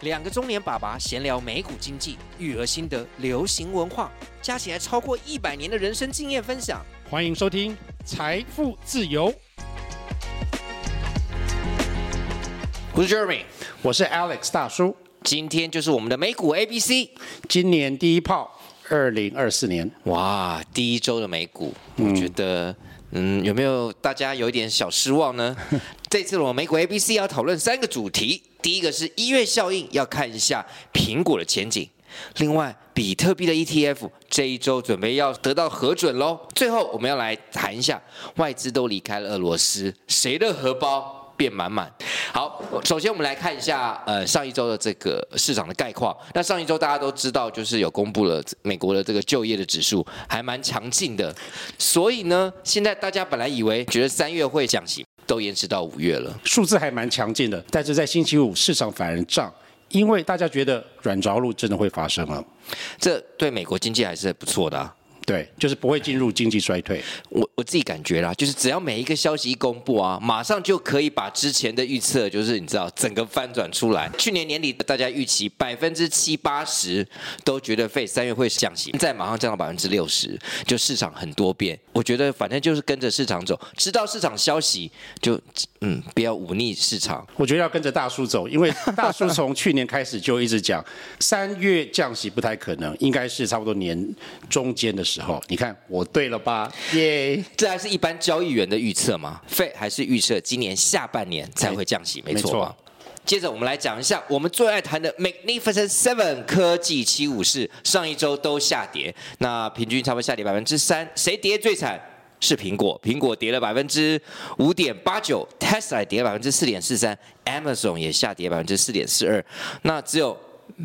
兩個中年爸爸閒聊美股、經濟、育兒心得、流行文化，加起來超過一百年的人生經驗分享。歡迎收聽《財父自由》。我是 Jeremy，我是 Alex 大叔。今天就是我們的美股 ABC，今年第一炮，二零二四年。哇，第一周的美股，嗯、我覺得，嗯，有沒有大家有一點小失望呢？ 這次我們美股 ABC 要討論三個主題。第一個是一月效應，要看一下蘋果的前景。另外，比特幣的 ETF 這一周準備要得到核准嘍。最後，我們要來談一下外資都離開了俄羅斯，誰的荷包變滿滿？好，首先我們來看一下，呃，上一周的這個市場的概況。那上一周大家都知道，就是有公布了美國的這個就業的指數，還蠻強勁的。所以呢，現在大家本來以為覺得三月會降息。都延遲到五月了，數字還蠻強勁的。但是在星期五市場反而漲，因為大家覺得軟着陸真的會發生了啊。這對美國經濟還是不錯的啊。對，就是不會進入經濟衰退。我我自己感覺啦，就是只要每一個消息一公佈啊，馬上就可以把之前的預測，就是你知道，整個翻轉出來。去年年底大家預期百分之七八十都覺得費三月會降息，現在馬上降到百分之六十，就市場很多變。我覺得反正就是跟着市場走，知道市場消息就嗯，不要忤逆市場。我覺得要跟着大叔走，因為大叔從去年開始就一直講 三月降息不太可能，應該是差不多年中間的時。然後你看，我對了吧？耶、yeah！這還是一般交易員的預測嗎？Fed 還是預測今年下半年才會降息？沒錯。沒錯。接著我們來講一下我們最愛談的 Magnificent Seven 科技七武士，上一周都下跌，那平均差不多下跌百分之三。誰跌最慘？是蘋果，蘋果跌了百分之五點八九，Tesla 跌了百分之四點四三，Amazon 也下跌百分之四點四二，那只有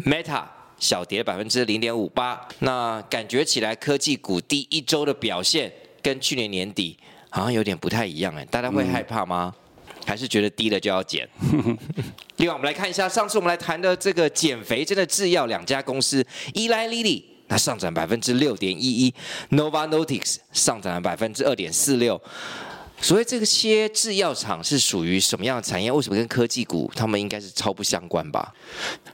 Meta。小跌百分之零點五八，那感覺起來科技股第一周的表現跟去年年底好像有點不太一樣，哎，大家會害怕嗎？還是覺得低了就要減？另外，我們來看一下上次我們來談的這個減肥真的製藥兩家公司，Eli Lilly 那上漲百分之六點一一，Nova Notics 上漲了百分之二點四六。所以這些製藥廠是屬於什麼樣的產業？為什麼跟科技股他們應該是超不相關吧？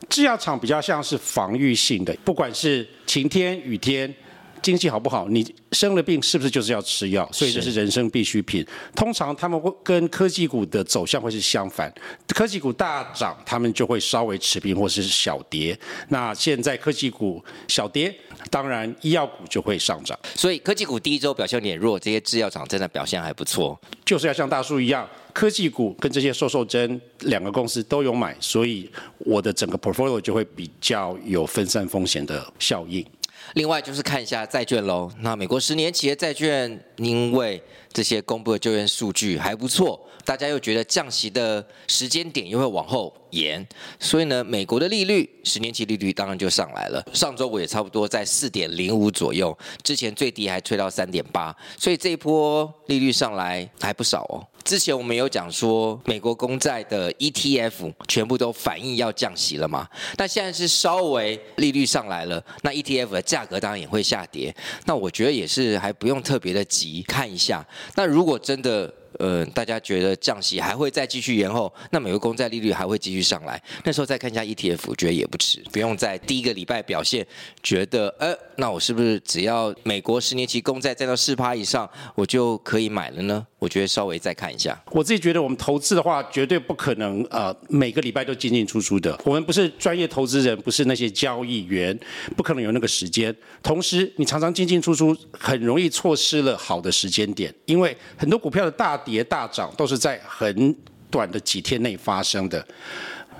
製藥廠比較像是防禦性的，不管是晴天雨天，經濟好不好，你生了病是不是就是要吃藥？所以這是人生必需品。是通常他們會跟科技股的走向會是相反，科技股大漲，他們就會稍微持平或是小跌。那現在科技股小跌。當然，醫藥股就會上漲，所以科技股第一周表現減弱，這些製藥廠真的表現還不錯，就是要像大叔一樣，科技股跟這些瘦瘦針兩個公司都有買，所以我的整個 portfolio、er、就會比較有分散風險的效應。另外就是看一下債券嘍。那美國十年期的債券，因為這些公布的就業數據還不錯，大家又覺得降息的時間點又會往後延，所以呢，美國的利率十年期利率當然就上來了。上周五也差不多在四點零五左右，之前最低還吹到三點八，所以這一波利率上來還不少哦。之前我們有講說，美國公債的 ETF 全部都反映要降息了嘛？那現在是稍微利率上來了，那 ETF 的價格當然也會下跌。那我覺得也是還不用特別的急，看一下。那如果真的，呃，大家覺得降息還會再繼續延後，那美國公債利率還會繼續上來，那時候再看一下 ETF，覺得也不遲，不用在第一個禮拜表現，覺得，呃，那我是不是只要美國十年期公債再到四趴以上，我就可以買了呢？我覺得稍微再看一下。我自己覺得我們投資的話，絕對不可能，呃，每個禮拜都進進出出的。我們不是專業投資人，不是那些交易員，不可能有那個時間。同時，你常常進進出出，很容易錯失了好的時間點，因為很多股票的大跌大漲都是在很短的幾天內發生的，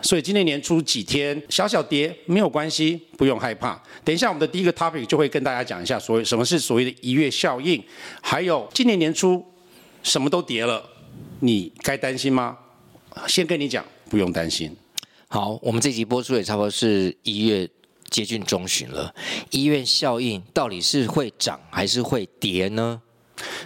所以今年年初幾天小小跌沒有關係，不用害怕。等一下我們的第一個 topic 就會跟大家講一下所謂什麼是所謂的“一月效應”，還有今年年初什麼都跌了，你該擔心嗎？先跟你講，不用擔心。好，我們這集播出也差不多是一月接近中旬了，一月效應到底是會漲還是會跌呢？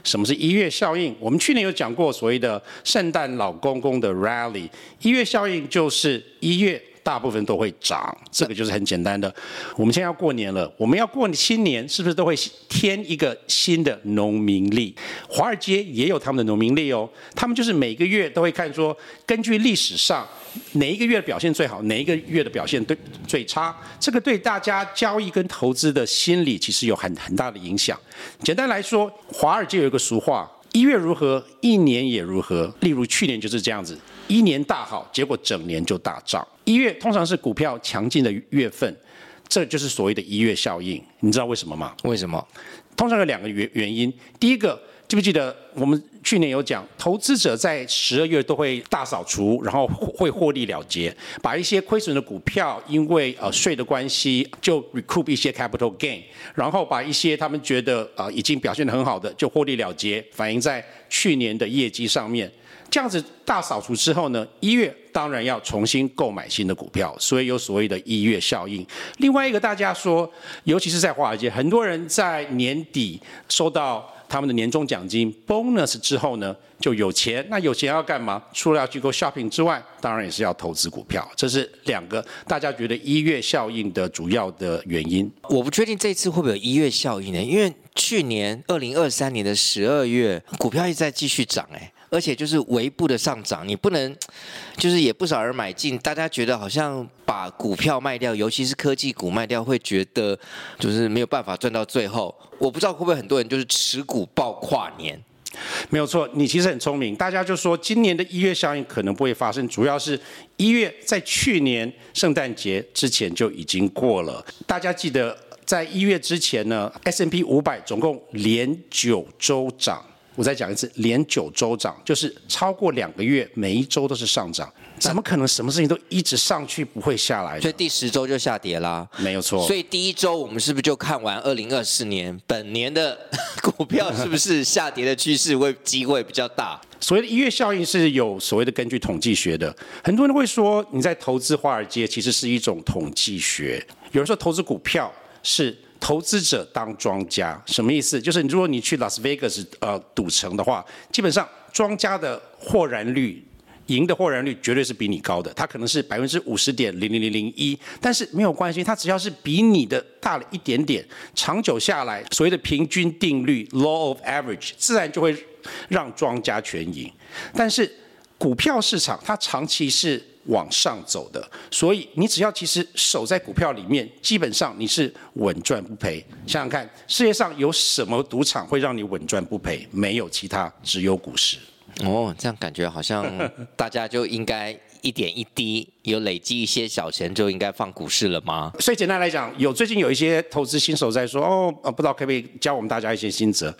什麼是一月效應？我們去年有講過所謂的聖誕老公公的 rally，一月效應就是一月大部分都會漲，這個就是很簡單的。我們現在要過年了，我們要過新年，是不是都會添一個新的農民曆？華爾街也有他們的農民曆哦，他們就是每個月都會看說，根據歷史上。哪一個月表現最好？哪一個月的表現對最差？這個對大家交易跟投資的心理其實有很很大的影響。簡單來說，華爾街有一個俗話：一月如何，一年也如何。例如去年就是這樣子，一年大好，結果整年就大漲。一月通常是股票強勁的月份，這就是所謂的“一月效應”。你知道為什麼嗎？為什麼？通常有兩個原原因。第一個。記不記得我們去年有講，投資者在十二月都會大掃除，然後會獲利了結，把一些虧損的股票，因為呃稅的關係，就 recoup 一些 capital gain，然後把一些他們覺得啊已經表現得很好的，就獲利了結，反映在去年的業績上面。這樣子大掃除之後呢，一月當然要重新購買新的股票，所以有所謂的一月效應。另外一個大家說，尤其是在華爾街，很多人在年底收到。他們的年終獎金 bonus 之後呢，就有錢，那有錢要幹嘛？除了要去購 shopping 之外，當然也是要投資股票。這是兩個大家覺得一月效應的主要的原因。我不確定這次會不會有一月效應呢？因為去年二零二三年的十二月，股票一直在繼續漲哎。而且就是微步的上漲，你不能，就是也不少人買進。大家覺得好像把股票賣掉，尤其是科技股賣掉，會覺得就是沒有辦法賺到最後。我不知道會不會很多人就是持股抱跨年。沒有錯，你其實很聰明。大家就說今年的一月效應可能不會發生，主要是一月在去年聖誕節之前就已經過了。大家記得在一月之前呢，S&P 500總共連九週漲。我再講一次，連九周漲，就是超過兩個月，每一周都是上漲，怎麼可能？什麼事情都一直上去不會下來？所以第十周就下跌啦，沒有錯。所以第一周我們是不是就看完二零二四年本年的股票是不是下跌的趨勢會機會比較大？ 所謂的一月效應是有所謂的根據統計學的，很多人會說你在投資華爾街其實是一種統計學，有人說投資股票是。投資者當莊家什麼意思？就是如果你去拉斯維加斯呃賭城的話，基本上莊家的或然率贏的或然率絕對是比你高的，它可能是百分之五十點零零零零一，但是沒有關係，它只要是比你的大了一點點，長久下來，所謂的平均定律 （Law of Average） 自然就會讓莊家全贏。但是股票市場它長期是。往上走的，所以你只要其實守在股票裡面，基本上你是穩賺不賠。想想看，世界上有什麼賭場會讓你穩賺不賠？沒有其他，只有股市。哦，這樣感覺好像大家就應該一點一滴 有累積一些小錢，就應該放股市了嗎？所以簡單來講，有最近有一些投資新手在說，哦，不知道可不可以教我們大家一些心得。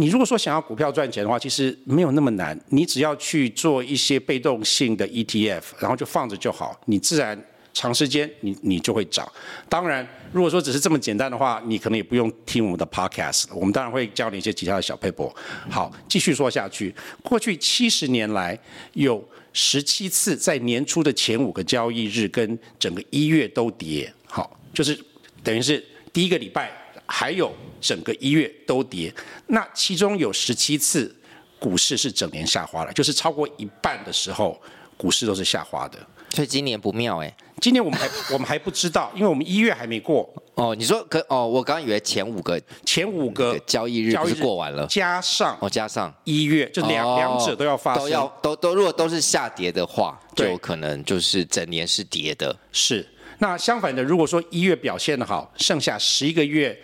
你如果說想要股票賺錢的話，其實沒有那麼難。你只要去做一些被動性的 ETF，然後就放着就好，你自然長時間你你就會漲。當然，如果說只是這麼簡單的話，你可能也不用聽我們的 Podcast。我們當然會教你一些其他的小撇步。好，繼續說下去。過去七十年來，有十七次在年初的前五個交易日跟整個一月都跌。好，就是等於是第一個禮拜。還有整個一月都跌，那其中有十七次股市是整年下滑了，就是超過一半的時候股市都是下滑的，所以今年不妙哎、欸。今年我們還 我們還不知道，因為我們一月還沒過哦。你說可哦？我剛以為前五個前五個交易日是過完了，加上哦加上一月就兩、哦、兩者都要發生都要都都如果都是下跌的話，就可能就是整年是跌的。對是那相反的，如果說一月表現的好，剩下十一個月。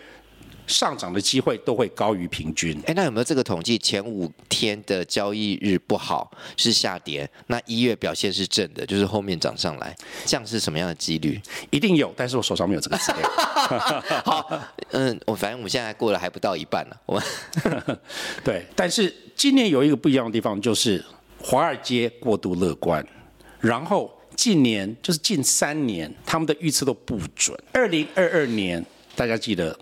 上漲的機會都會高於平均。哎、欸，那有沒有這個統計？前五天的交易日不好是下跌，那一月表現是正的，就是後面漲上來，這樣是什麼樣的幾率？一定有，但是我手上沒有這個資料。 好，嗯，我反正我們現在過了還不到一半呢。我 對，但是今年有一個不一樣的地方，就是華爾街過度樂觀，然後近年就是近三年，他們的預測都不準。二零二二年，大家記得。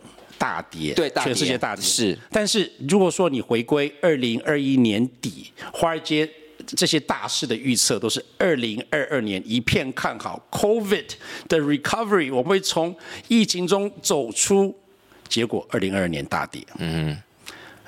大跌，對，大全世界大跌是。但是如果說你回歸二零二一年底，華爾街這些大事的預測都是二零二二年一片看好，COVID 的 recovery，我們會從疫情中走出。結果二零二二年大跌，嗯，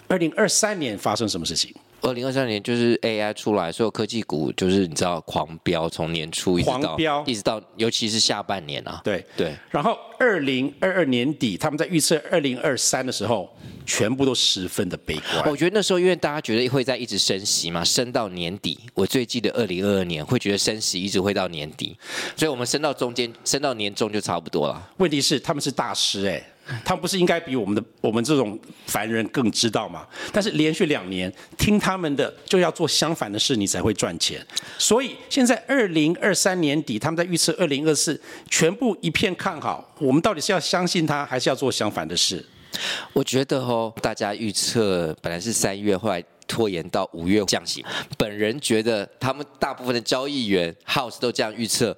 二零二三年發生什麼事情？二零二三年就是 AI 出來，所有科技股就是你知道狂飆，從年初一直到狂飆一直到，尤其是下半年啊。對對。對，然後二零二二年底，他們在預測二零二三的時候，全部都十分的悲觀。我覺得那時候因為大家覺得會在一直升息嘛，升到年底，我最記得二零二二年會覺得升息一直會到年底，所以我們升到中間，升到年終就差不多了。問題是他們是大師誒、欸。他們不是應該比我們的我們這種凡人更知道嗎？但是連續兩年聽他們的就要做相反的事，你才會賺錢。所以現在二零二三年底他們在預測二零二四，全部一片看好。我們到底是要相信他，還是要做相反的事？我覺得哦，大家預測本來是三月，後來拖延到五月降息。 本人覺得他們大部分的交易員 House 都這樣預測。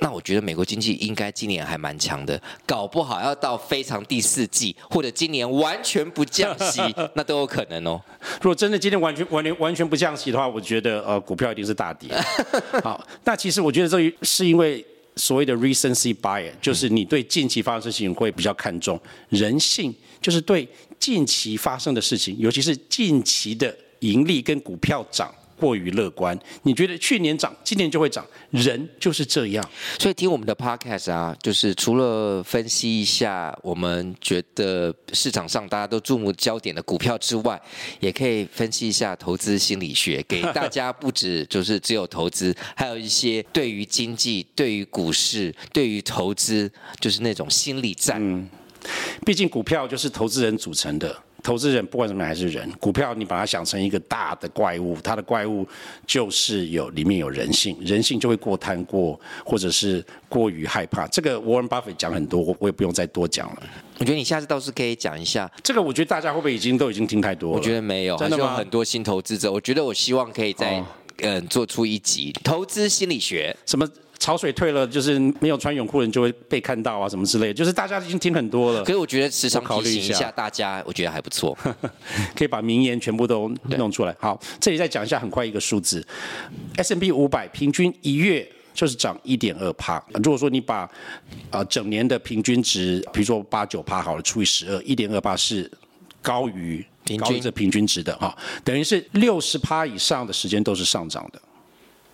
那我覺得美國經濟應該今年還蠻強的，搞不好要到非常第四季，或者今年完全不降息， 那都有可能哦。如果真的今天完全完全完全不降息的話，我覺得呃股票一定是大跌。 好，那其實我覺得這是因為所謂的 recency bias，就是你對近期發生事情會比較看重。嗯、人性就是對近期發生的事情，尤其是近期的盈利跟股票漲。過於樂觀，你覺得去年漲，今年就會漲？人就是這樣，所以聽我們的 podcast 啊，就是除了分析一下我們覺得市場上大家都注目焦點的股票之外，也可以分析一下投資心理學，給大家不止就是只有投資， 還有一些對於經濟、對於股市、對於投資，就是那種心理戰。嗯，畢竟股票就是投資人組成的。投資人不管什麼還是人，股票你把它想成一個大的怪物，它的怪物就是有裡面有人性，人性就會過貪過，或者是過於害怕。這個 Warren Buffett 講很多，我也不用再多講了。我覺得你下次倒是可以講一下。這個我覺得大家會不會已經都已經聽太多了？我覺得沒有，真的有很多新投資者。我覺得我希望可以再、哦、嗯做出一集投資心理學什麼。潮水退了，就是沒有穿泳褲的人就會被看到啊，什麼之類的，就是大家已經聽很多了。可是，我覺得時常考慮一下，一下大家，我覺得還不錯， 可以把名言全部都弄出來。對好，這裡再講一下，很快一個數字，S&P 五百平均一月就是漲一點二趴。如果說你把啊、呃、整年的平均值，比如說八九趴好了，除以十二，一點二趴是高於均高於這平均值的啊，等於是六十趴以上的時間都是上漲的。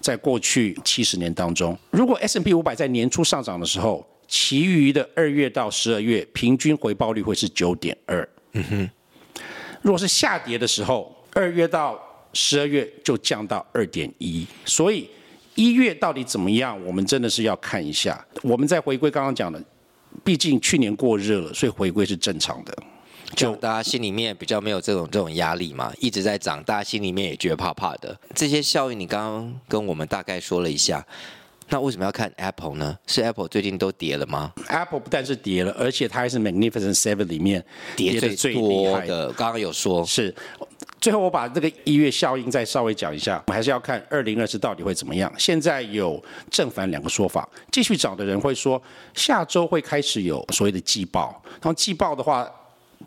在過去七十年當中，如果 S and P 五百在年初上漲的時候，其餘的二月到十二月平均回報率會是九點二。嗯哼，如果是下跌的時候，二月到十二月就降到二點一。所以一月到底怎麼樣，我們真的是要看一下。我們再回歸剛剛講的，畢竟去年過熱了，所以回歸是正常的。就大家心裡面比較沒有這種這種壓力嘛，一直在漲，大家心裡面也覺得怕怕的。這些效應你剛剛跟我們大概說了一下，那為什麼要看 Apple 呢？是 Apple 最近都跌了嗎？Apple 不但是跌了，而且它還是 Magnificent Seven 裡面跌得最厲害的，多的。剛剛有說是，最後我把這個一月效應再稍微講一下，我們還是要看二零二四到底會怎麼樣。現在有正反兩個說法，繼續漲的人會說下周會開始有所謂的季報，然後季報的話。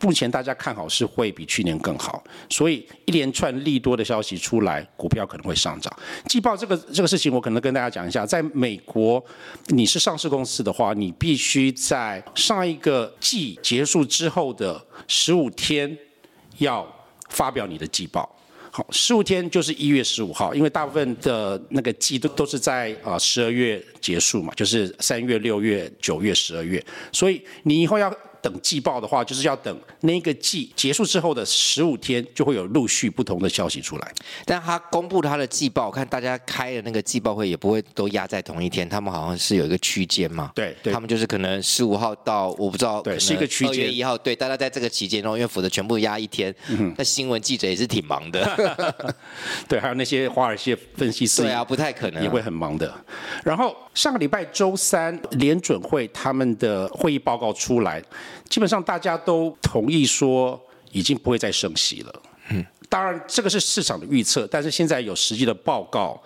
目前大家看好是會比去年更好，所以一連串利多的消息出來，股票可能會上漲。季報這個這個事情，我可能跟大家講一下，在美國，你是上市公司的話，你必須在上一個季結束之後的十五天要發表你的季報。好，十五天就是一月十五號，因為大部分的那個季都都是在呃十二月結束嘛，就是三月、六月、九月、十二月，所以你以後要等季報的話，就是要等那個季結束之後的十五天，就會有陸續不同的消息出來。但他公布他的季報，我看大家開的那個季報會也不會都壓在同一天，他們好像是有一個區間嘛。對，對他們就是可能十五號到我不知道，對，是一個區間。二月一號，對，大家在這個期間中，因為否則全部壓一天，那、嗯、新聞記者也是挺忙的。 對，還有那些華爾街分析師，對啊，不太可能、啊，也會很忙的。然後上個禮拜週三，聯準會他們的會議報告出來。基本上大家都同意說已經不會再升息了。嗯，當然這個是市場的預測，但是現在有實際的報告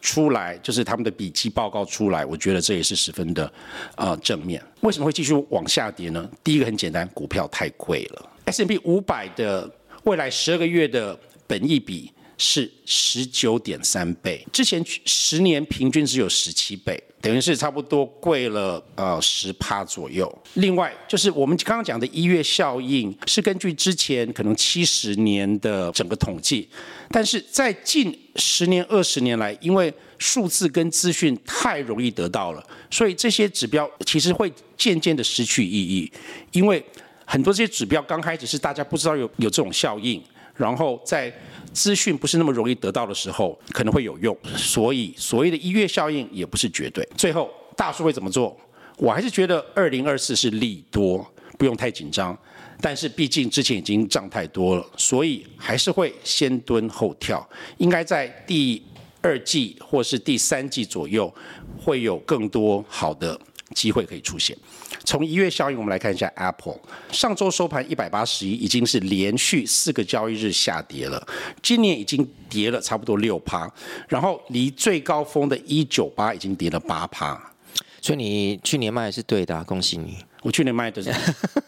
出來，就是他們的筆記報告出來，我覺得這也是十分的啊、呃、正面。為什麼會繼續往下跌呢？第一個很簡單，股票太貴了。S&P 五百的未來十二個月的本益比是十九點三倍，之前十年平均只有十七倍。等於是差不多貴了呃十趴左右。另外就是我們剛剛講的一月效應，是根據之前可能七十年的整個統計，但是在近十年、二十年來，因為數字跟資訊太容易得到了，所以這些指標其實會漸漸的失去意義，因為很多這些指標剛開始是大家不知道有有這種效應。然後在資訊不是那麼容易得到的時候，可能會有用。所以所謂的一月效應也不是絕對。最後，大叔會怎麼做？我還是覺得二零二四是利多，不用太緊張。但是畢竟之前已經漲太多了，所以還是會先蹲後跳。應該在第二季或是第三季左右會有更多好的。機會可以出現。從一月效應，我們來看一下 Apple。上週收盤一百八十一，已經是連續四個交易日下跌了。今年已經跌了差不多六趴，然後離最高峰的一九八已經跌了八趴。所以你去年賣是對的，啊，恭喜你！我去年賣的是，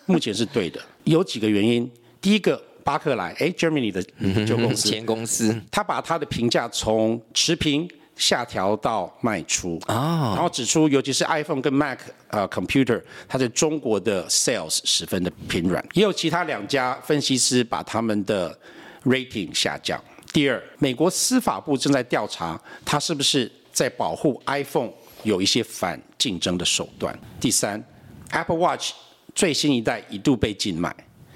目前是對的。 有幾個原因，第一個，巴克萊，哎、欸、，Germany 的公司，嗯呵呵，前公司，他把他的評價從持平，下調到賣出，oh. 然後指出，尤其是 iPhone 跟 Mac 啊、呃，Computer，它在中國的 sales 十分的疲軟。也有其他兩家分析師把他們的 rating 下降。第二，美國司法部正在調查，它是不是在保護 iPhone 有一些反競爭的手段。第三，Apple Watch 最新一代一度被禁賣，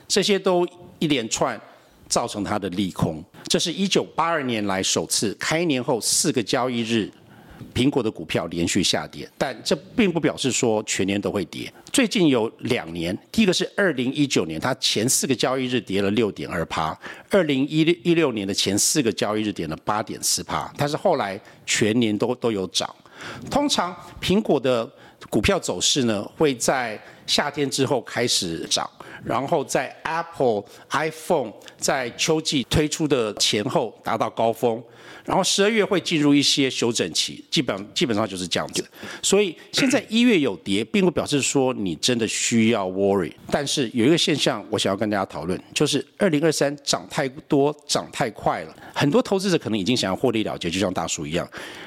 這些都一連串。造成它的利空，這是一九八二年來首次開年後四個交易日，蘋果的股票連續下跌。但這並不表示說全年都會跌。最近有兩年，第一個是二零一九年，它前四個交易日跌了六點二趴；二零一六一六年的前四個交易日跌了八點四趴，但是後來全年都都有漲。通常蘋果的股票走勢呢，會在夏天之後開始漲。然後在 Apple iPhone 在秋季推出的前後達到高峰，然後十二月會進入一些休整期，基本基本上就是這樣子。所以現在一月有跌，並不表示說你真的需要 worry。但是有一個現象，我想要跟大家討論，就是二零二三漲太多、漲太快了，很多投資者可能已經想要獲利了結，就像大叔一樣。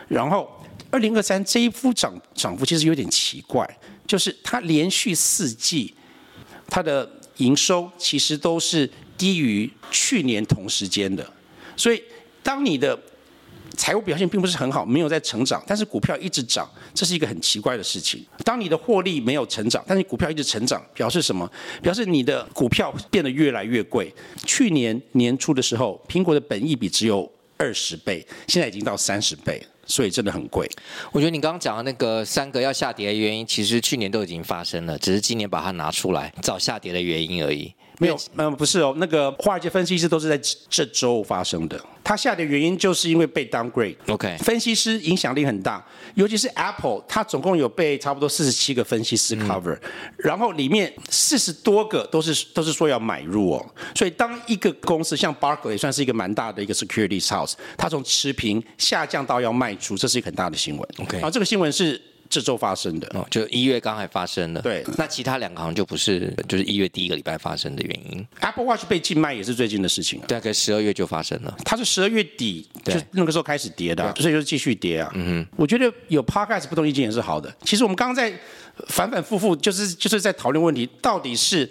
然後二零二三這一幅漲漲幅其實有點奇怪，就是它連續四季它的。營收其實都是低於去年同時間的，所以當你的財務表現並不是很好，沒有在成長，但是股票一直漲，這是一個很奇怪的事情。當你的獲利沒有成長，但是股票一直成長，表示什麼？表示你的股票變得越來越貴。去年年初的時候，蘋果的本益比只有二十倍，現在已經到三十倍了。所以真的很貴。我覺得你剛剛講的那個三個要下跌的原因，其實去年都已經發生了，只是今年把它拿出來找下跌的原因而已。沒有，嗯、呃，不是哦，那個華爾街分析師都是在這週發生的。它下跌的原因就是因為被 downgrade。OK，分析師影響力很大，尤其是 Apple，它總共有被差不多四十七個分析師 cover，、嗯、然後裡面四十多個都是都是說要買入哦。所以當一個公司像 Barclay 也算是一個蠻大的一個 securities house，它從持平下降到要賣出，這是一個很大的新聞。OK，然後、啊、這個新聞是。這週發生的哦，就一月剛才發生了，對，那其他兩個好像就不是，就是一月第一個禮拜發生的原因。Apple Watch 被禁賣也是最近的事情，大概十二月就發生了，它是十二月底對就那個時候開始跌的啊，對所以就是繼續跌啊。嗯哼，我覺得有 podcast 不同意見也是好的。其實我們剛剛在反反复复，就是就是在討論問題，到底是。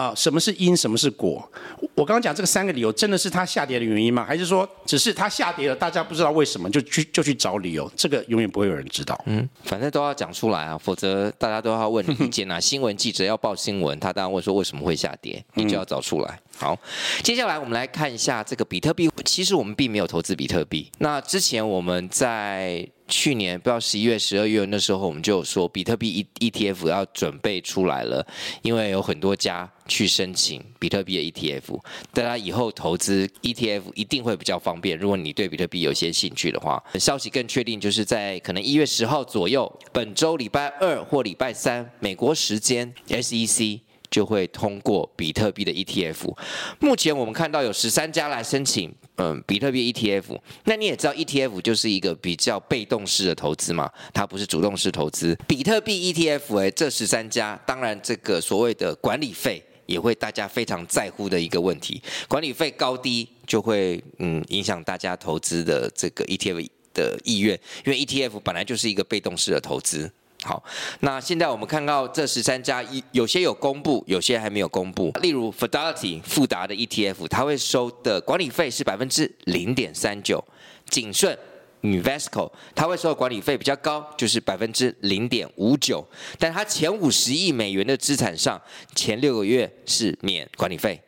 啊，什麼是因，什麼是果？我剛剛講這個三個理由，真的是它下跌的原因嗎？還是說，只是它下跌了，大家不知道為什麼，就去就去找理由？這個永遠不會有人知道。嗯，反正都要講出來啊，否則大家都要問。畢竟啊新聞記者要報新聞， 他當然問說為什麼會下跌，你就要找出來。嗯、好，接下來我們來看一下這個比特幣。其實我們並沒有投資比特幣。那之前我們在。去年不知道十一月、十二月那時候，我們就說比特幣 E ETF 要準備出來了，因為有很多家去申請比特幣的 ETF，大家以後投資 ETF 一定會比較方便。如果你對比特幣有些興趣的話，消息更確定就是在可能一月十號左右，本週禮拜二或禮拜三美國時間 SEC 就會通過比特幣的 ETF。目前我們看到有十三家來申請。嗯，比特幣 ETF，那你也知道 ETF 就是一個比較被動式的投資嘛，它不是主動式投資。比特幣 ETF 哎，這十三家，當然這個所謂的管理費也會大家非常在乎的一個問題，管理費高低就會嗯，影響大家投資的這個 ETF 的意願，因為 ETF 本來就是一個被動式的投資。好，那現在我們看到這十三家，一有些有公布，有些還沒有公布。例如，Fidelity 富達的 ETF，它會收的管理費是百分之零點三九；景順 Invesco，它會收的管理費比較高，就是百分之零點五九。但它前五十億美元的資產上，前六個月是免管理費。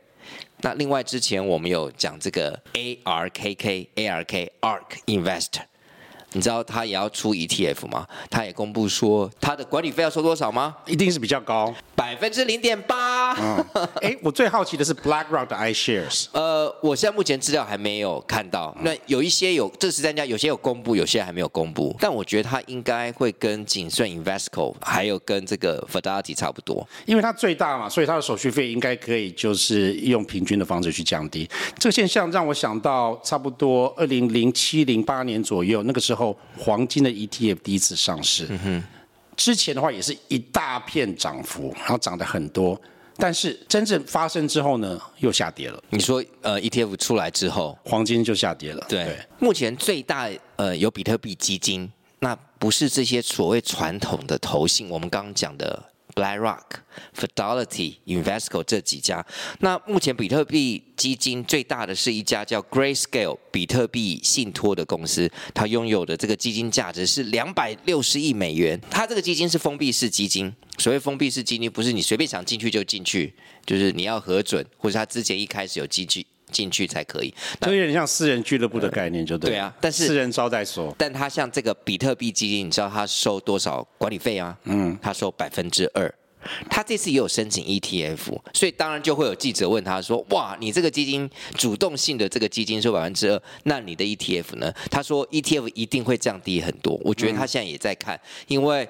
那另外之前我們有講這個 ARKK，ARK Ark AR Investor。你知道他也要出 ETF 嗎？他也公布說他的管理費要收多少嗎？一定是比較高，百分之零點八。哎、 嗯，我最好奇的是 BlackRock 的 iShares。呃，我現在目前資料還沒有看到。那有一些有，這是三家，有些有公布，有些還沒有公布。但我覺得它應該會跟景順 Invesco，還有跟這個 Fidelity 差不多，因為它最大嘛，所以它的手續費應該可以就是用平均的方式去降低。這個現象讓我想到，差不多二零零七零八年左右，那個時候黃金的 ETF 第一次上市，嗯、哼之前的話也是一大片漲幅，然後漲得很多。但是真正發生之後呢，又下跌了。你說，呃，ETF 出來之後，黃金就下跌了。對，對。目前最大，呃，有比特幣基金，那不是這些所謂傳統的投信，我們剛剛講的。BlackRock、Fidelity、Invesco 這幾家，那目前比特幣基金最大的是一家叫 Grayscale 比特幣信託的公司，它擁有的這個基金價值是兩百六十億美元。它這個基金是封閉式基金，所謂封閉式基金不是你隨便想進去就進去，就是你要核准，或者它之前一開始有基金。進去才可以，就有點像私人俱樂部的概念，就對。對啊，但是私人招待所。但他像這個比特幣基金，你知道他收多少管理費啊？嗯，他收百分之二。他這次也有申請 ETF，所以當然就會有記者問他說：“哇，你這個基金主動性的這個基金收百分之二，那你的 ETF 呢？”他說：“ETF 一定會降低很多。”我覺得他現在也在看，因為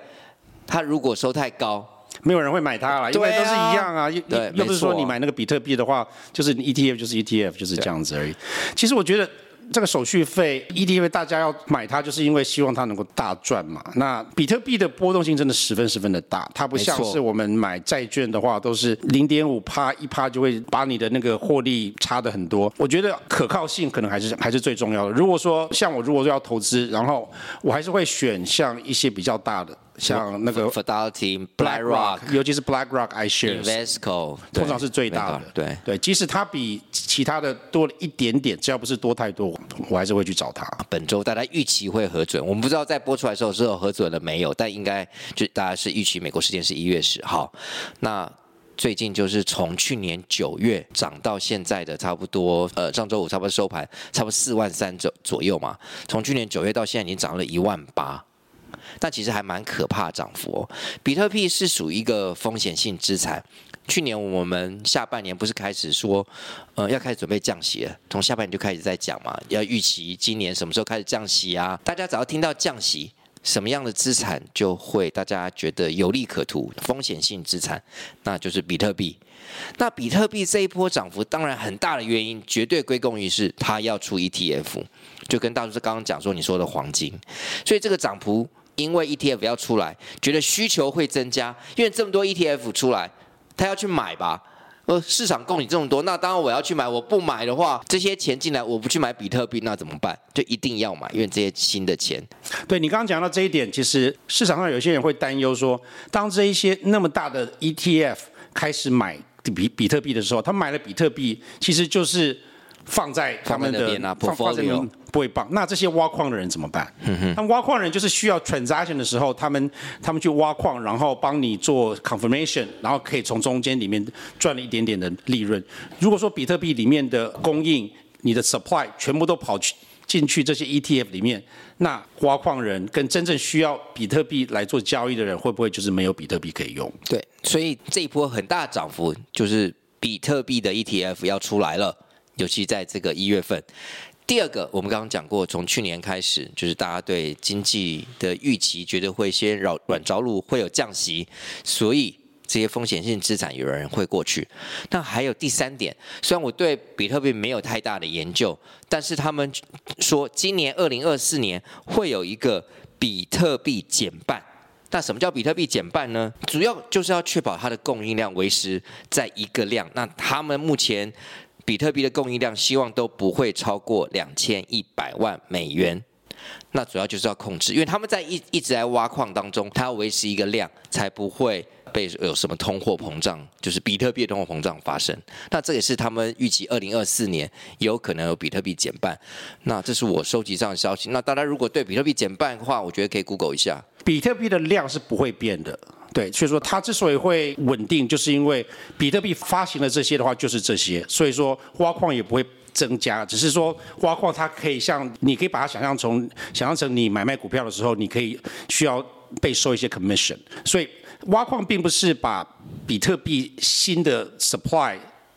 他如果收太高。沒有人會買它啦，因為都是一樣啊。對，啊對，又不是說你買那個比特幣的話，就是 ETF，就是 ETF，就是這樣子而已。對其實我覺得這個手續費 ETF，大家要買它，就是因為希望它能夠大賺嘛。那比特幣的波動性真的十分十分的大，它不像是我們買債券的話，都是零點五趴一趴就會把你的那個獲利差得很多。我覺得可靠性可能還是還是最重要的。如果說像我，如果說要投資，然後我還是會選像一些比較大的。像那個 Fidelity，BlackRock，尤其是 BlackRock，iShares，Invesco，對通常是最大的。對，對，對對，即使它比其他的多了一點點，只要不是多太多，我，我還是會去找它。本周大家預期會核准，我們不知道在播出來的時候是否核准了沒有，但應該就大家是預期美國時間是一月十號。那最近就是從去年九月漲到現在的差不多，呃，上周五差不多收盤，差不多四萬三左左右嘛。從去年九月到現在已經漲了一萬八。那其實還蠻可怕的漲幅哦。比特幣是屬於一個風險性資產。去年我們下半年不是開始說，呃，要開始準備降息了，從下半年就開始在講嘛，要預期今年什麼時候開始降息啊？大家只要聽到降息，什麼樣的資產就會大家覺得有利可圖，風險性資產，那就是比特幣。那比特幣這一波漲幅，當然很大的原因絕對歸功於是它要出 ETF，就跟大叔剛剛講說你說的黃金，所以這個漲幅。因為 ETF 要出來，覺得需求會增加，因為這麼多 ETF 出來，他要去買吧？呃，市場供你這麼多，那當然我要去買。我不買的話，這些錢進來我不去買比特幣，那怎麼辦？就一定要買，因為這些新的錢。對，你剛剛講到這一點，其實市場上有些人會擔憂說，當這一些那麼大的 ETF 開始買比比特幣的時候，他買了比特幣，其實就是放在他們的 portfolio。放在不會幫。那這些挖礦的人怎麼辦？他們、嗯、哼挖礦人就是需要 transaction 的時候，他們他們去挖礦，然後幫你做 confirmation，然後可以從中間裡面賺了一點點的利潤。如果說比特幣裡面的供應，你的 supply 全部都跑去進去這些 ETF 裡面，那挖礦人跟真正需要比特幣來做交易的人，會不會就是沒有比特幣可以用？對，所以這一波很大漲幅就是比特幣的 ETF 要出來了，尤其在這個一月份。第二個，我們剛剛講過，從去年開始，就是大家對經濟的預期，覺得會先擾軟着陸，會有降息，所以這些風險性資產有人會過去。那還有第三點，雖然我對比特幣沒有太大的研究，但是他們說今年二零二四年會有一個比特幣減半。那什麼叫比特幣減半呢？主要就是要確保它的供應量維持在一個量。那他們目前。比特幣的供應量希望都不會超過兩千一百萬美元，那主要就是要控制，因為他們在一一直在挖礦當中，它要維持一個量，才不會被有什麼通貨膨脹，就是比特幣的通貨膨脹發生。那這也是他們預計二零二四年有可能有比特幣減半。那這是我收集上的消息。那大家如果對比特幣減半的話，我覺得可以 Google 一下。比特幣的量是不會變的。對，所以說它之所以會穩定，就是因為比特幣發行了這些的話就是這些，所以說挖礦也不會增加，只是說挖礦它可以像，你可以把它想象成，想象成你買賣股票的時候，你可以需要被收一些 commission，所以挖礦並不是把比特幣新的 supply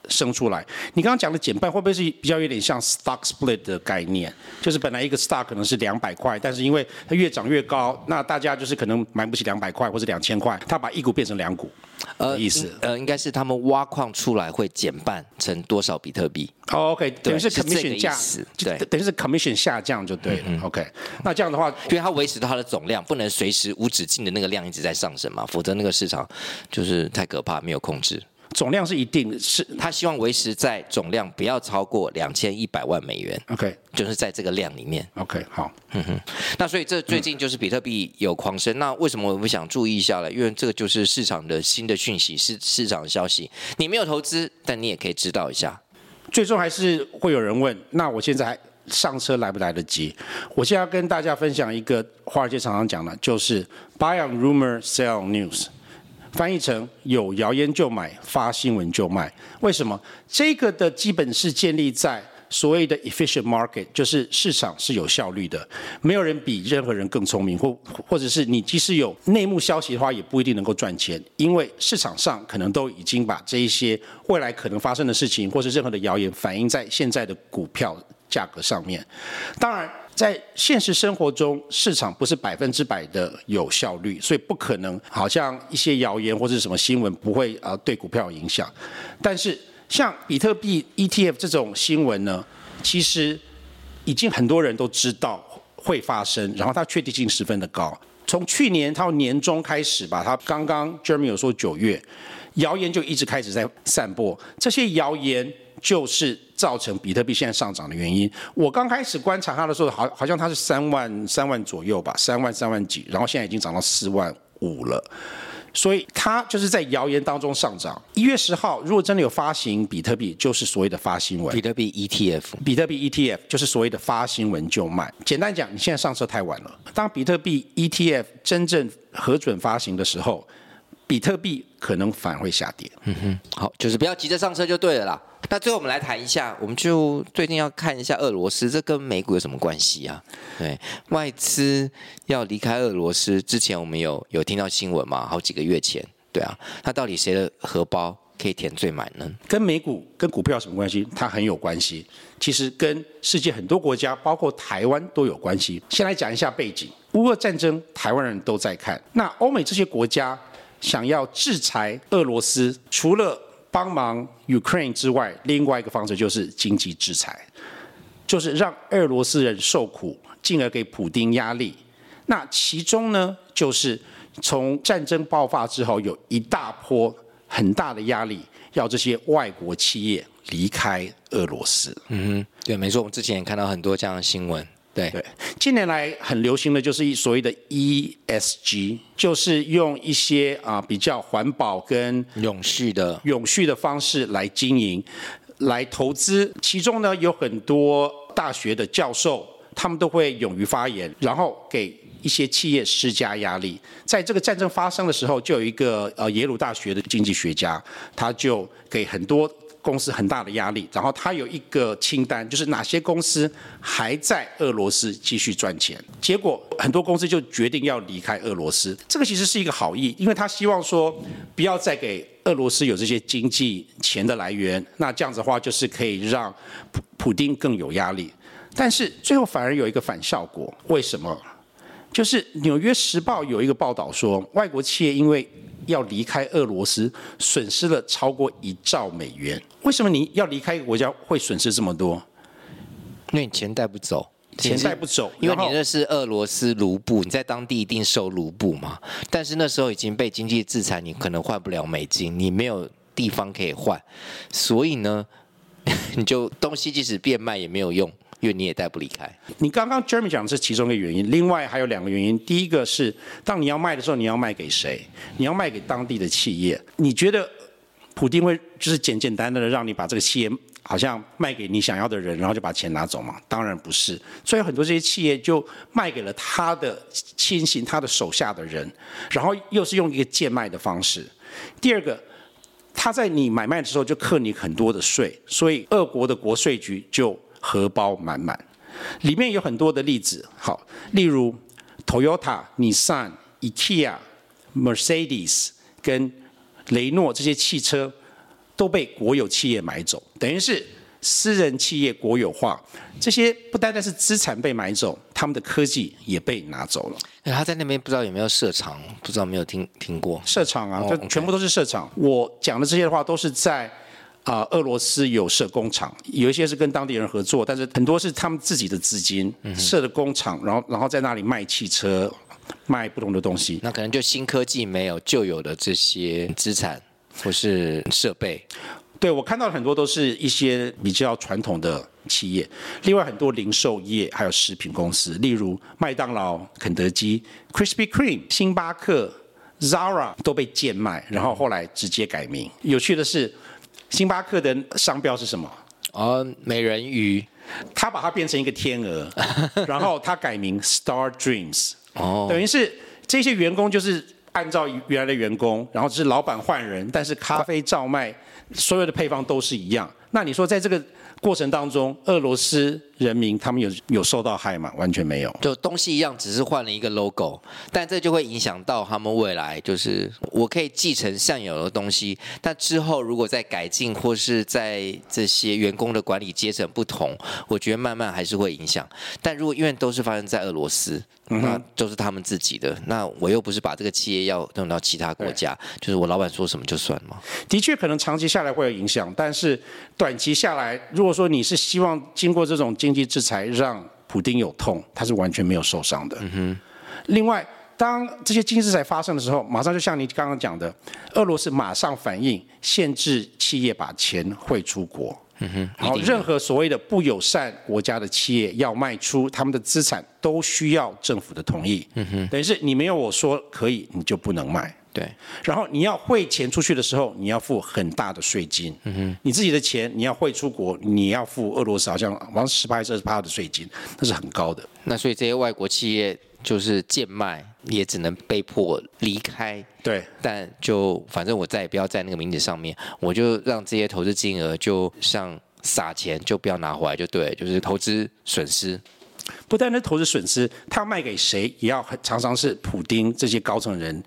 生出來，你剛剛講的減半會不會是比較有點像 stock split 的概念？就是本來一個 stock 可能是兩百塊，但是因為它越漲越高，那大家就是可能買不起兩百塊或者兩千塊，它把一股變成兩股，呃，意思。呃，應該是他們挖礦出來會減半成多少比特幣。Oh, OK，等於是 commission 下，對，對，就等於是 commission 下降就對了。對 OK，那這樣的話，因為它維持它的總量，不能隨時無止境的那個量一直在上升嘛，否則那個市場就是太可怕，沒有控制。總量是一定，是他希望維持在總量不要超過兩千一百萬美元。OK，就是在這個量裡面。OK，好。嗯哼。那所以這最近就是比特幣有狂升，嗯、那為什麼我們想注意一下呢？因為這個就是市場的新的訊息，市市場的消息。你沒有投資，但你也可以知道一下。最終還是會有人問，那我現在還上車來不來得及？我現在要跟大家分享一個華爾街常常講的，就是 Buy on Rumor, Sell News。翻譯成有謠言就買，發新聞就賣。為什麼？這個的基本是建立在所謂的 efficient market，就是市場是有效率的，沒有人比任何人更聰明，或或者是你即使有內幕消息的話，也不一定能夠賺錢，因為市場上可能都已經把這一些未來可能發生的事情，或是任何的謠言反映在現在的股票價格上面。當然。在現實生活中，市場不是百分之百的有效率，所以不可能好像一些謠言或者什麼新聞不會呃對股票有影響。但是像比特幣 ETF 這種新聞呢，其實已經很多人都知道會發生，然後它確定性十分的高。從去年到年中開始吧，它剛剛 Jeremy 有說九月，謠言就一直開始在散播，這些謠言。就是造成比特幣現在上漲的原因。我剛開始觀察它的時候，好好像它是三萬三萬左右吧，三萬三萬幾，然後現在已經漲到四萬五了。所以它就是在謠言當中上漲。一月十號，如果真的有發行比特幣，就是所謂的發新聞比特幣 ETF，比特幣 ETF 就是所謂的發新聞就賣。簡單講，你現在上車太晚了。當比特幣 ETF 真正核准發行的時候，比特幣可能反而會下跌。嗯哼，好，就是不要急着上車就對了啦。那最後我們來談一下，我們就最近要看一下俄羅斯，這跟美股有什麼關係啊？對，外資要離開俄羅斯，之前我們有有聽到新聞嘛？好幾個月前，對啊，那到底誰的荷包可以填最滿呢？跟美股、跟股票有什麼關係？它很有關係。其實跟世界很多國家，包括台灣都有關係。先來講一下背景：烏俄戰爭，台灣人都在看。那歐美這些國家，想要制裁俄羅斯，除了幫忙 Ukraine 之外，另外一個方式就是經濟制裁，就是讓俄羅斯人受苦，進而給普丁壓力。那其中呢，就是從戰爭爆發之後，有一大波很大的壓力，要這些外國企業離開俄羅斯。嗯哼，對，沒錯，我們之前也看到很多這樣的新聞。對對，近年來很流行的就是所謂的 ESG，就是用一些啊、呃、比較環保跟永續的永續的方式來經營、來投資。其中呢，有很多大學的教授，他們都會勇於發言，然後給一些企業施加壓力。在這個戰爭發生的時候，就有一個呃耶魯大學的經濟學家，他就給很多，公司很大的壓力，然後他有一個清單，就是哪些公司還在俄羅斯繼續賺錢。結果很多公司就決定要離開俄羅斯。這個其實是一個好意，因為他希望說不要再給俄羅斯有這些經濟錢的來源。那這樣子的話就是可以讓普普丁更有壓力。但是最後反而有一個反效果，為什麼？就是《紐約時報》有一個報道說，外國企業因為。要離開俄羅斯，損失了超過一兆美元。為什麼你要離開國家會損失這麼多？因為你錢帶不走，錢帶不走，因為你那是俄羅斯盧布，你在當地一定收盧布嘛。但是那時候已經被經濟制裁，你可能換不了美金，你沒有地方可以換，所以呢，你就東西即使變賣也沒有用。因為你也帶不離開。你剛剛 Jeremy 講的是其中一個原因，另外還有兩個原因。第一個是，當你要賣的時候，你要賣給誰？你要賣給當地的企業？你覺得普丁會就是簡簡單單的讓你把這個企業好像賣給你想要的人，然後就把錢拿走嗎？當然不是。所以很多這些企業就賣給了他的親信、他的手下的人，然後又是用一個賤賣的方式。第二個，他在你買賣的時候就克你很多的稅，所以俄國的國稅局就。荷包滿滿，裡面有很多的例子。好，例如 Toyota、Nissan、IKEA、Mercedes 跟雷諾這些汽車都被國有企業買走，等於是私人企業國有化。這些不單單是資產被買走，他們的科技也被拿走了。他在那邊不知道有沒有設廠，不知道沒有聽聽過設廠啊，就全部都是設廠。Oh, okay. 我講的這些的話都是在。啊、呃，俄羅斯有設工廠，有一些是跟當地人合作，但是很多是他們自己的資金設、嗯、哼的工廠，然後然後在那裡賣汽車，賣不同的東西。那可能就新科技沒有，舊有的這些資產或是設備。對，我看到很多都是一些比較傳統的企業，另外很多零售業還有食品公司，例如麥當勞、肯德基、Krispy Kreme、星巴克、Zara 都被賤賣，然後後來直接改名。嗯、有趣的是。星巴克的商標是什麼？哦，美人魚，他把它變成一個天鵝， 然後他改名 Star Dreams。哦，等於是這些員工就是按照原來的員工，然後只是老板換人，但是咖啡照賣，所有的配方都是一樣。那你說在這個過程當中，俄羅斯？人民他們有有受到害嗎？完全沒有。就東西一樣，只是換了一個 logo，但這就會影響到他們未來。就是我可以繼承現有的東西，但之後如果再改進，或是在這些員工的管理階層不同，我覺得慢慢還是會影響。但如果因為都是發生在俄羅斯，嗯、哼那都是他們自己的，那我又不是把這個企業要弄到其他國家，對就是我老闆說什麼就算嘛。的確，可能長期下來會有影響，但是短期下來，如果說你是希望經過這種。經濟制裁讓普丁有痛，他是完全沒有受傷的。嗯哼。另外，當這些經濟制裁發生的時候，馬上就像你剛剛講的，俄羅斯馬上反應限制企業把錢匯出國。嗯哼。然後，任何所謂的不友善國家的企業要賣出他們的資產，都需要政府的同意。嗯哼。等於是你沒有我說可以，你就不能賣。對，然後你要匯錢出去的時候，你要付很大的稅金。嗯哼，你自己的錢你要匯出國，你要付俄羅斯好像，好像十趴還是二十趴的稅金，那是很高的。那所以這些外國企業就是賤賣，也只能被迫離開。對，但就反正我再也不要在那個名字上面，我就讓這些投資金額就像撒錢，就不要拿回來就對，就是投資損失。不但是投資損失，他要賣給誰，也要常常是普丁這些高層人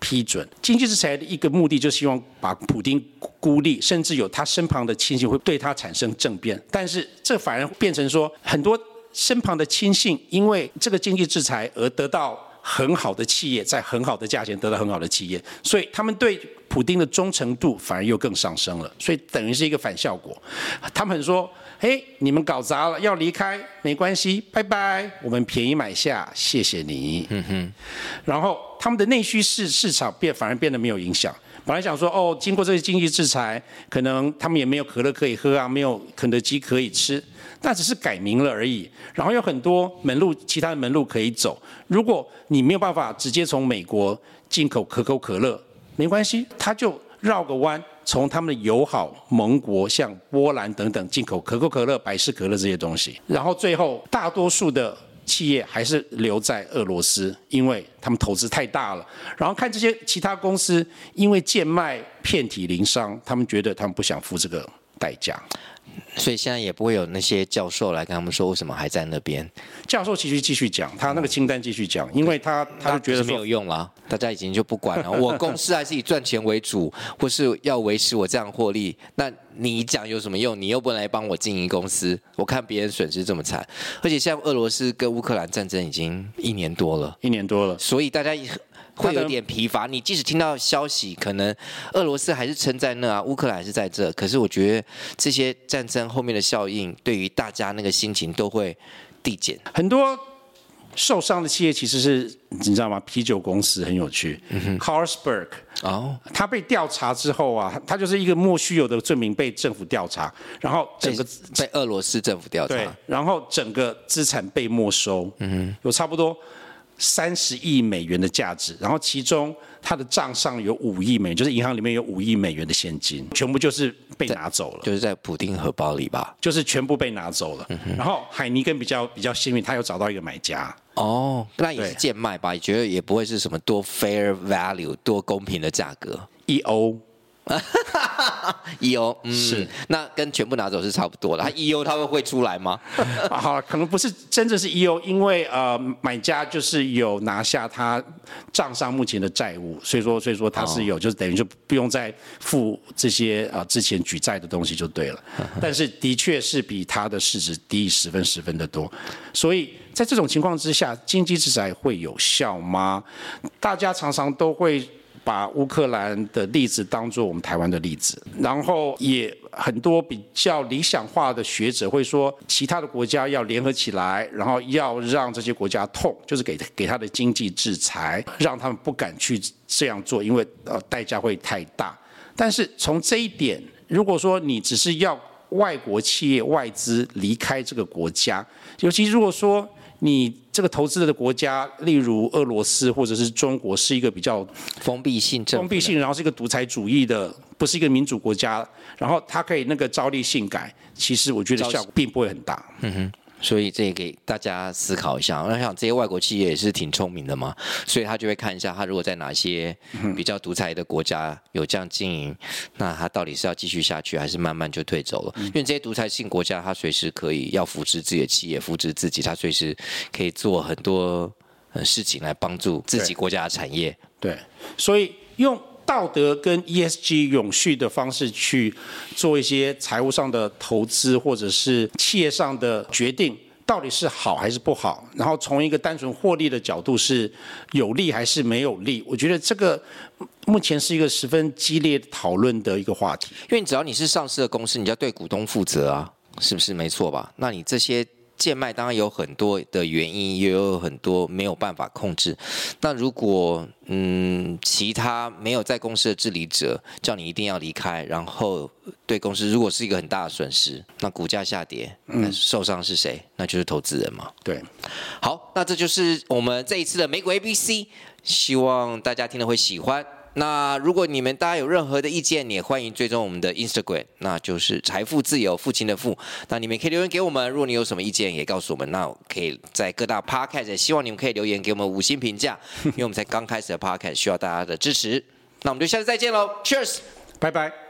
批准。經濟制裁的一個目的，就是希望把普丁孤立，甚至有他身旁的親信會對他產生政變。但是這反而變成說，很多身旁的親信因為這個經濟制裁而得到很好的企業，在很好的價錢得到很好的企業，所以他們對普丁的忠誠度反而又更上升了。所以等於是一個反效果。他們很說。嘿，hey, 你們搞砸了，要離開沒關係，拜拜，我們便宜買下，謝謝你。嗯哼，然後他們的內需市市場變反而變得沒有影響。本來想說哦，經過這些經濟制裁，可能他們也沒有可樂可以喝啊，沒有肯德基可以吃，那只是改名了而已。然後有很多門路，其他的門路可以走。如果你沒有辦法直接從美國進口可口可樂，沒關係，他就繞個彎。從他們的友好盟國，像波蘭等等，進口可口可樂、百事可樂這些東西，然後最後大多數的企業還是留在俄羅斯，因為他們投資太大了。然後看這些其他公司因為賤賣遍體鱗傷，他們覺得他們不想付這個代價。所以現在也不會有那些教授來跟他們說為什麼還在那邊。教授其實繼續講，他那個清單繼續講，嗯、因為他他就覺得沒有用啦。大家已經就不管了。 我公司還是以賺錢為主，或是要維持我這樣的獲利，那你講有什麼用？你又不能來幫我經營公司，我看別人損失這麼慘，而且現在俄羅斯跟烏克蘭戰爭已經一年多了，一年多了，所以大家會有點疲乏。你即使聽到消息，可能俄羅斯還是撐在那啊，烏克蘭還是在這。可是我覺得這些戰爭後面的效應，對於大家那個心情都會遞減。很多受傷的企業，其實是你知道嗎？啤酒公司很有趣，Carlsberg 哦，他被調查之後啊，他就是一個莫須有的罪名被政府調查，然後整個在俄羅斯政府調查，對，然後整個資產被沒收。嗯哼，有差不多。三十億美元的價值，然後其中他的賬上有五億美元，就是銀行裡面有五億美元的現金，全部就是被拿走了，就是在普丁荷包裡吧，就是全部被拿走了。嗯、哼然後海尼根比較比較幸運，他有找到一個買家。哦，那也是賤賣吧？覺得對也不會是什麼多 fair value 多公平的價格，一歐。哈 ，E O、嗯、是，那跟全部拿走是差不多的。他 E O 他們會出來嗎？ 啊，好，可能不是真正是 E O，因為呃，買家就是有拿下他賬上目前的債務，所以說，所以說他是有，哦，就是等於就不用再付這些呃之前舉債的東西就對了。嗯、哼但是的確是比他的市值低十分十分的多。所以在這種情況之下，經濟制裁會有效嗎？大家常常都會。把烏克蘭的例子當作我們台灣的例子，然後也很多比較理想化的學者會說，其他的國家要聯合起來，然後要讓這些國家痛，就是給給他的經濟制裁，讓他們不敢去這樣做，因為呃代價會太大。但是從這一點，如果說你只是要外國企業外資離開這個國家，尤其如果說你。這個投資的國家，例如俄羅斯或者是中國，是一個比較封閉性、封閉性，然後是一個獨裁主義的，不是一個民主國家。然後他可以那個朝令夕改，其實我覺得效果並不會很大。嗯所以這也給大家思考一下。我想這些外國企業也是挺聰明的嘛，所以他就會看一下，他如果在哪些比較獨裁的國家有這樣經營，嗯、哼那他到底是要繼續下去，還是慢慢就退走了？嗯、哼因為這些獨裁性國家，他隨時可以要扶持自己的企業，扶持自己，他隨時可以做很多事情來幫助自己國家的產業。對，對，所以用。道德跟 ESG 永續的方式去做一些財務上的投資，或者是企業上的決定，到底是好還是不好？然後從一個單純獲利的角度是有利還是沒有利？我覺得這個目前是一個十分激烈的討論的一個話題。因為只要你是上市的公司，你就要對股東負責啊，是不是？沒錯吧？那你這些。賤賣當然有很多的原因，也有很多沒有辦法控制。那如果嗯其他沒有在公司的治理者，叫你一定要離開，然後對公司如果是一個很大的損失，那股價下跌，嗯，受傷是誰？那就是投資人嘛。對，好，那這就是我們這一次的美股 ABC，希望大家聽了會喜歡。那如果你們大家有任何的意見，也歡迎追蹤我們的 Instagram，那就是財父自由，父親的父。那你們可以留言給我們，如果你有什麼意見也告訴我們。那可以在各大 Podcast，也希望你們可以留言給我們五星評價，因為我們才剛開始的 Podcast，需要大家的支持。那我們就下次再見嘍，Cheers，拜拜。